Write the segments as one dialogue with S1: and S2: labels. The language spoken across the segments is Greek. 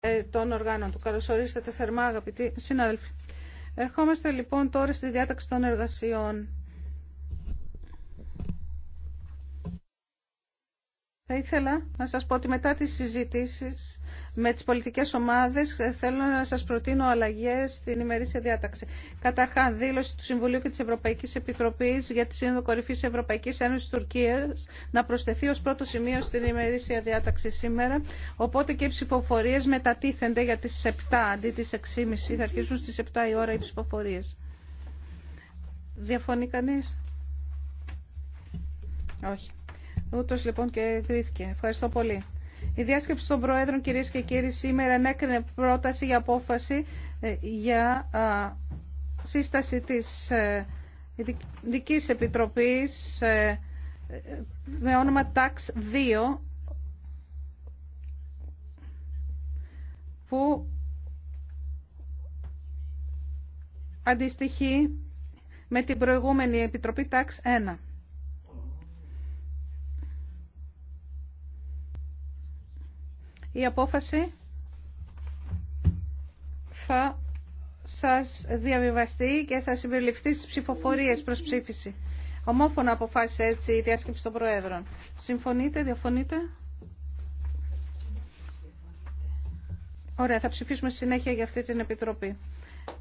S1: Ε, των οργάνων του. Καλωσορίσατε θερμά αγαπητοί συνάδελφοι. Ερχόμαστε λοιπόν τώρα στη διάταξη των εργασιών. Θα ήθελα να σας πω ότι μετά τις συζητήσεις με τις πολιτικές ομάδες ε, θέλω να σας προτείνω αλλαγές στην ημερήσια διάταξη. Καταρχά, δήλωση του Συμβουλίου και της Ευρωπαϊκής Επιτροπής για τη Σύνοδο Κορυφής Ευρωπαϊκής Ένωσης Τουρκίας να προσθεθεί ως πρώτο σημείο στην ημερήσια διάταξη σήμερα. Οπότε και οι ψηφοφορίες μετατίθενται για τις 7 αντί τις 6.30. Θα αρχίσουν στις 7 η ώρα οι ψηφοφορίες. Διαφωνεί κανείς? Όχι. Ούτω λοιπόν και εγκρίθηκε. Ευχαριστώ πολύ. Η διάσκεψη των Προέδρων, κυρίε και κύριοι, σήμερα ενέκρινε πρόταση για απόφαση ε, για σύσταση της ε, Ειδική Επιτροπής ε, με όνομα ΤΑΚΣ 2 που αντιστοιχεί με την προηγούμενη Επιτροπή ΤΑΚΣ 1. η απόφαση θα σας διαβιβαστεί και θα συμπεριληφθεί στις ψηφοφορίες προς ψήφιση. Ομόφωνα αποφάσισε έτσι η διάσκεψη των Προέδρων. Συμφωνείτε, διαφωνείτε. Ωραία, θα ψηφίσουμε συνέχεια για αυτή την Επιτροπή.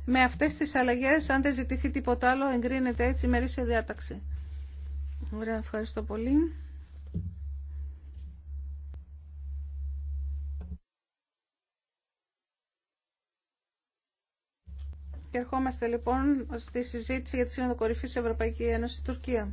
S1: Με αυτές τις αλλαγές, αν δεν ζητηθεί τίποτα άλλο, εγκρίνεται έτσι η μερίσια διάταξη. Ωραία, ευχαριστώ πολύ. Και ερχόμαστε λοιπόν στη συζήτηση για τη Σύνοδο κορυφη Ευρωπαϊκή Ένωση Τουρκία.